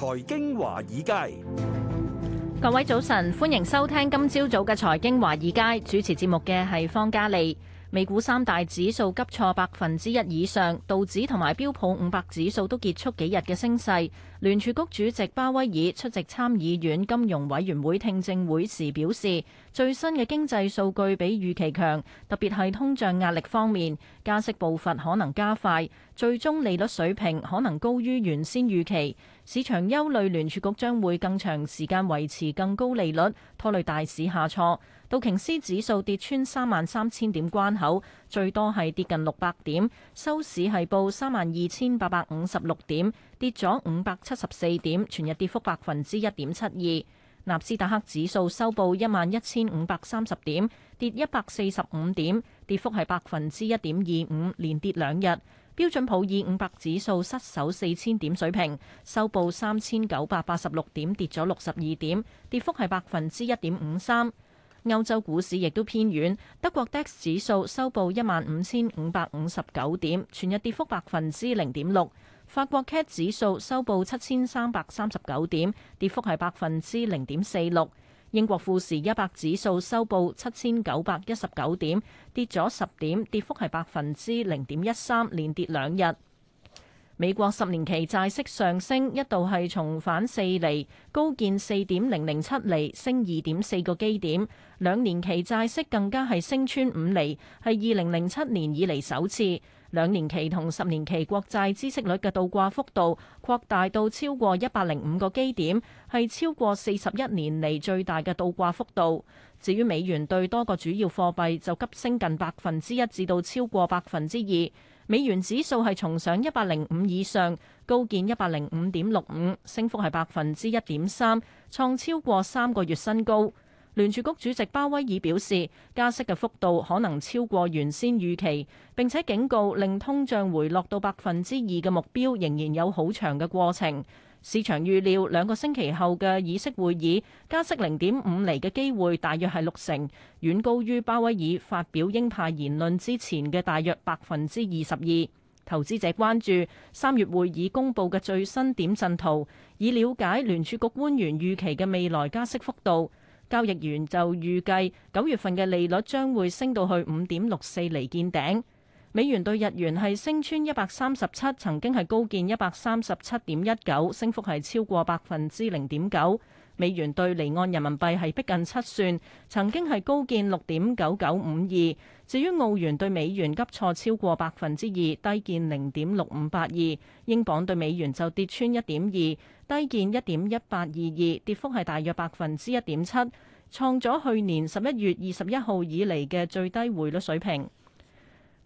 財經華爾街，各位早晨，歡迎收聽今朝早嘅財經華爾街主持節目嘅係方嘉利。美股三大指數急挫百分之一以上，道指同埋標普五百指數都結束幾日嘅升勢。聯儲局主席鮑威爾出席參議院金融委員會聽證會時表示，最新嘅經濟數據比預期強，特別係通脹壓力方面，加息步伐可能加快，最終利率水平可能高於原先預期。市場憂慮聯儲局將會更長時間維持更高利率，拖累大市下挫。道瓊斯指數跌穿三萬三千點關口，最多係跌近六百點，收市係報三萬二千八百五十六點，跌咗五百七十四點，全日跌幅百分之一點七二。納斯達克指數收報一萬一千五百三十點，跌一百四十五點，跌幅係百分之一點二五，連跌兩日。標準普爾五百指數失守四千點水平，收報三千九百八十六點，跌咗六十二點，跌幅係百分之一點五三。歐洲股市亦都偏軟，德國 DAX 指數收報一萬五千五百五十九點，全日跌幅百分之零點六。法國 CAC 指數收報七千三百三十九點，跌幅係百分之零點四六。英國富時一百指數收報七千九百一十九點，跌咗十點，跌幅係百分之零點一三，連跌兩日。美國十年期債息上升，一度係重返四厘，高見四點零零七厘，升二點四個基點。兩年期債息更加係升穿五厘，係二零零七年以嚟首次。兩年期同十年期國債孳息率嘅倒掛幅度擴大到超過一百零五個基點，係超過四十一年嚟最大嘅倒掛幅度。至於美元對多個主要貨幣就急升近百分之一，至到超過百分之二。美元指數係重上一百零五以上，高見一百零五點六五，升幅係百分之一點三，創超過三個月新高。聯儲局主席鮑威爾表示，加息嘅幅度可能超過原先預期，並且警告令通脹回落到百分之二嘅目標仍然有好長嘅過程。市場預料兩個星期後嘅議息會議加息零點五厘嘅機會大約係六成，遠高於鮑威爾發表鷹派言論之前嘅大約百分之二十二。投資者關注三月會議公佈嘅最新點陣圖，以了解聯儲局官員預期嘅未來加息幅度。交易員就預計九月份嘅利率將會升到去五點六四厘見頂。美元兌日元係升穿一百三十七，曾經係高見一百三十七點一九，升幅係超過百分之零點九。美元兌離岸人民幣係逼近七算，曾經係高見六點九九五二。至於澳元兌美元急挫超過百分之二，低見零點六五八二。英鎊兌美元就跌穿一點二，低見一點一八二二，跌幅係大約百分之一點七，創咗去年十一月二十一號以嚟嘅最低匯率水平。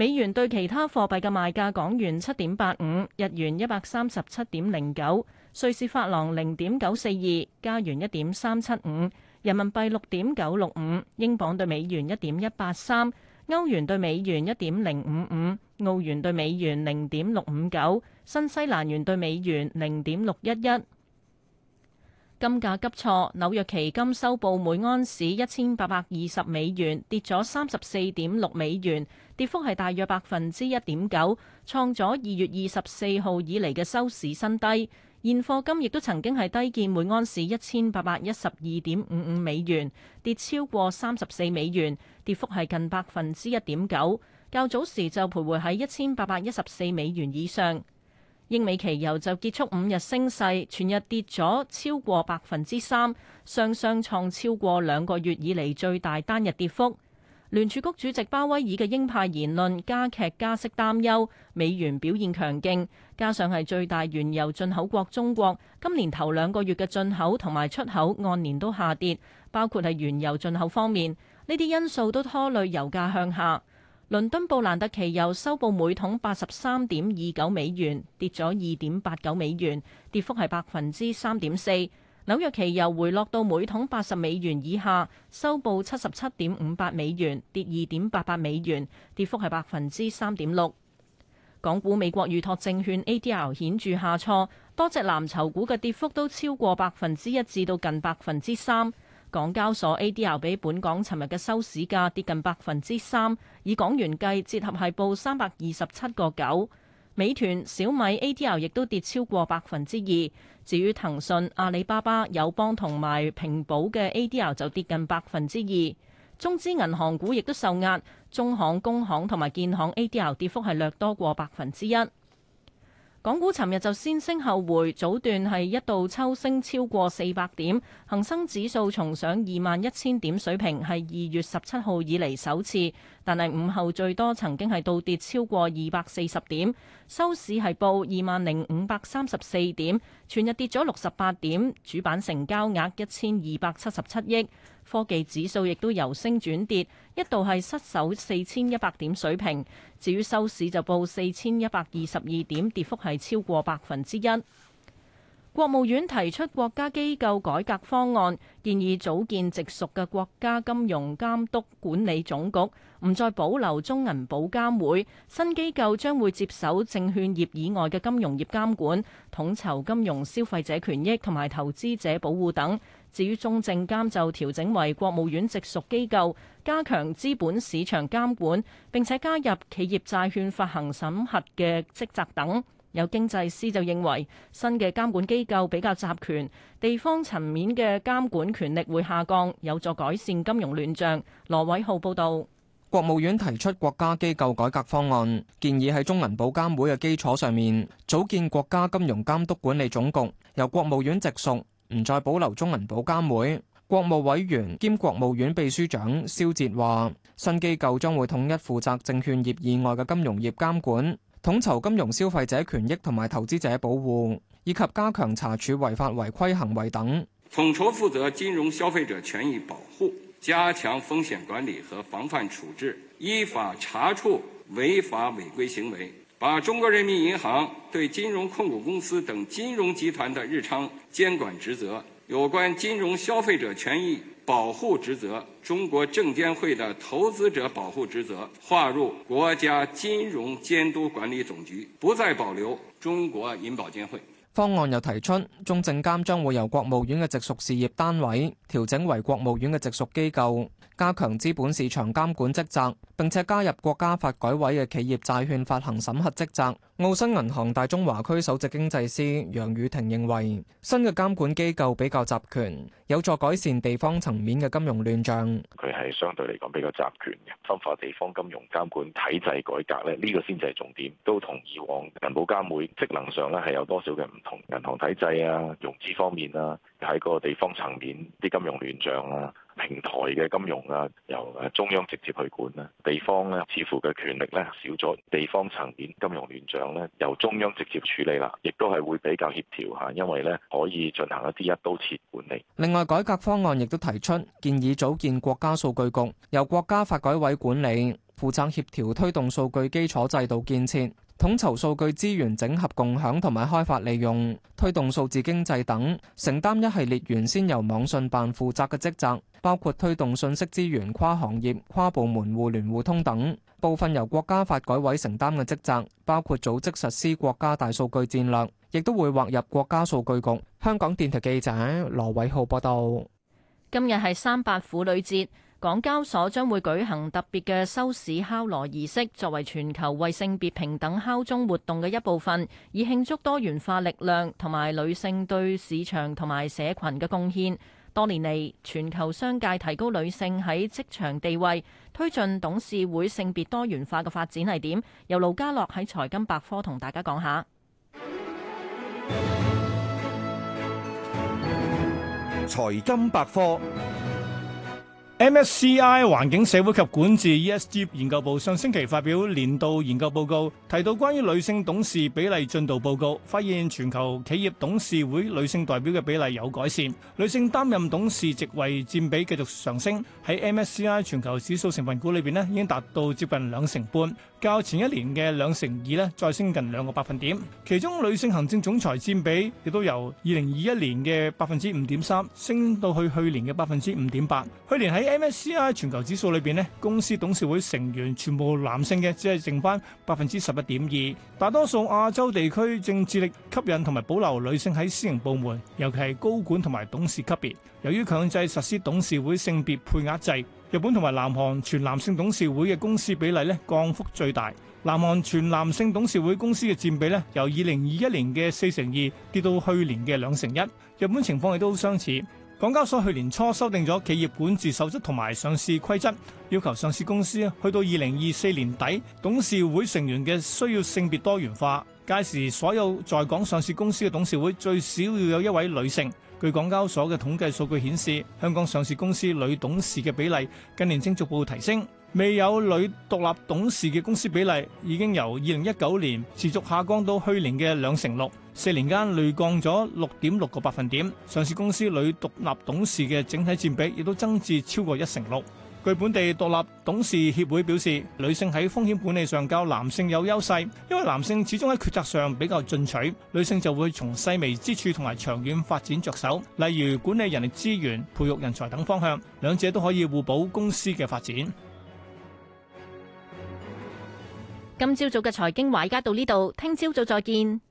美元對其他貨幣嘅賣價：港元七點八五，日元一百三十七點零九，瑞士法郎零點九四二，加元一點三七五，人民幣六點九六五，英鎊對美元一點一八三，歐元對美元一點零五五，澳元對美元零點六五九，新西蘭元對美元零點六一一。金價急挫，紐約期金收報每安士一千八百二十美元，跌咗三十四點六美元。跌幅係大約百分之一點九，創咗二月二十四號以嚟嘅收市新低。現貨金亦都曾經係低見每盎司一千八百一十二點五五美元，跌超過三十四美元，跌幅係近百分之一點九。較早時就徘徊喺一千八百一十四美元以上。英美期油就結束五日升勢，全日跌咗超過百分之三，雙雙創超過兩個月以嚟最大單日跌幅。聯儲局主席鮑威爾嘅鷹派言論加劇加息擔憂，美元表現強勁，加上係最大原油進口國中國今年頭兩個月嘅進口同埋出口按年都下跌，包括係原油進口方面，呢啲因素都拖累油價向下。倫敦布蘭特期油收報每桶八十三點二九美元，跌咗二點八九美元，跌幅係百分之三點四。紐約期油回落到每桶八十美元以下，收報七十七點五八美元，跌二點八八美元，跌幅係百分之三點六。港股美國預託證券 ADR 顯著下挫，多隻藍籌股嘅跌幅都超過百分之一至到近百分之三。港交所 ADR 比本港尋日嘅收市價跌近百分之三，以港元計，折合係報三百二十七個九。美團、小米 ADR 亦都跌超過百分之二，至於騰訊、阿里巴巴、友邦同埋平保嘅 ADR 就跌近百分之二。中資銀行股亦都受壓，中行、工行同埋建行 ADR 跌幅係略多過百分之一。港股尋日就先升後回，早段係一度抽升超過四百點，恒生指數重上二萬一千點水平，係二月十七號以嚟首次，但係午後最多曾經係倒跌超過二百四十點，收市係報二萬零五百三十四點，全日跌咗六十八點，主板成交額一千二百七十七億。科技指數亦都由升轉跌，一度係失守四千一百點水平。至於收市，就報四千一百二十二點，跌幅係超過百分之一。國務院提出國家機構改革方案，建議組建直屬嘅國家金融監督管理總局，唔再保留中銀保監會。新機構將會接手證券業以外嘅金融業監管，統籌金融消費者權益同埋投資者保護等。至於中證監就調整為國務院直屬機構，加強資本市場監管，並且加入企業債券發行審核嘅職責等。有經濟師就認為，新嘅監管機構比較集權，地方層面嘅監管權力會下降，有助改善金融亂象。羅偉浩報導。國務院提出國家機構改革方案，建議喺中銀保監會嘅基礎上面，組建國家金融監督管理總局，由國務院直屬，唔再保留中銀保監會。國務委員兼國務院秘書長蕭捷話：新機構將會統一負責證券業以外嘅金融業監管。統籌金融消費者權益同埋投資者保護，以及加強查處違法違規行為等。統籌負責金融消費者權益保護，加強風險管理和防範處置，依法查處違法違規行為，把中國人民銀行對金融控股公司等金融集團的日常監管職責，有關金融消費者權益。保護職責，中國證監會的投資者保護職責劃入國家金融監督管理總局，不再保留中國銀保監會。方案又提出，中證監將會由國務院嘅直屬事業單位調整為國務院嘅直屬機構，加強資本市場監管職責，並且加入國家發改委嘅企業債券發行審核職責。澳新銀行大中華區首席經濟師楊宇霆認為，新嘅監管機構比較集權，有助改善地方層面嘅金融亂象。佢係相對嚟講比較集權嘅，深化地方金融監管體制改革咧，呢個先至係重點。都同以往銀保監會職能上咧，係有多少嘅唔同？銀行體制啊，融資方面啊，喺個地方層面啲金融亂象啊，平台嘅金融啊，由誒中央直接去管啦，地方呢，似乎嘅權力呢，少咗，地方層面金融亂象。由中央直接處理啦，亦都係會比較協調嚇，因為咧可以進行一啲一刀切管理。另外，改革方案亦都提出建議組建國家數據局，由國家發改委管理，負責協調推動數據基礎制度建設。統籌數據資源整合共享同埋開發利用，推動數字經濟等，承擔一系列原先由網信辦負責嘅職責，包括推動信息資源跨行業、跨部門互聯互通等；部分由國家發改委承擔嘅職責，包括組織實施國家大數據戰略，亦都會劃入國家數據局。香港電台記者羅偉浩報道。今日係三八婦女節。港交所將會舉行特別嘅收市敲鑼儀式，作為全球為性別平等敲鐘活動嘅一部分，以慶祝多元化力量同埋女性對市場同埋社群嘅貢獻。多年嚟，全球商界提高女性喺職場地位，推進董事會性別多元化嘅發展係點。由盧家樂喺財金百科同大家講下。財金百科。MSCI 環境、社會及管治 （ESG） 研究部上星期發表年度研究報告，提到關於女性董事比例進度報告，發現全球企業董事會女性代表嘅比例有改善，女性擔任董事席位占比繼續上升。喺 MSCI 全球指數成分股裏邊呢，已經達到接近兩成半，較前一年嘅兩成二呢，再升近兩個百分點。其中女性行政總裁占比亦都由二零二一年嘅百分之五點三升到去去年嘅百分之五點八。去年喺 MSCI 全球指數裏邊咧，公司董事會成員全部男性嘅，只係剩翻百分之十一點二。大多數亞洲地區正致力吸引同埋保留女性喺私營部門，尤其係高管同埋董事級別。由於強制實施董事會性別配額制，日本同埋南韓全男性董事會嘅公司比例咧，降幅最大。南韓全男性董事會公司嘅佔比咧，由二零二一年嘅四成二跌到去年嘅兩成一。日本情況亦都相似。港交所去年初修訂咗企業管治守則同埋上市規則，要求上市公司去到二零二四年底，董事會成員嘅需要性別多元化。屆時所有在港上市公司嘅董事會最少要有一位女性。據港交所嘅統計數據顯示，香港上市公司女董事嘅比例近年正逐步提升，未有女獨立董事嘅公司比例已經由二零一九年持續下降到去年嘅兩成六。四年間累降咗六點六個百分點，上市公司女獨立董事嘅整體佔比亦都增至超過一成六。據本地獨立董事協會表示，女性喺風險管理上較男性有優勢，因為男性始終喺決策上比較進取，女性就會從細微之處同埋長遠發展着手，例如管理人力資源、培育人才等方向，兩者都可以互補公司嘅發展。今朝早嘅財經華爾街到呢度，聽朝早再見。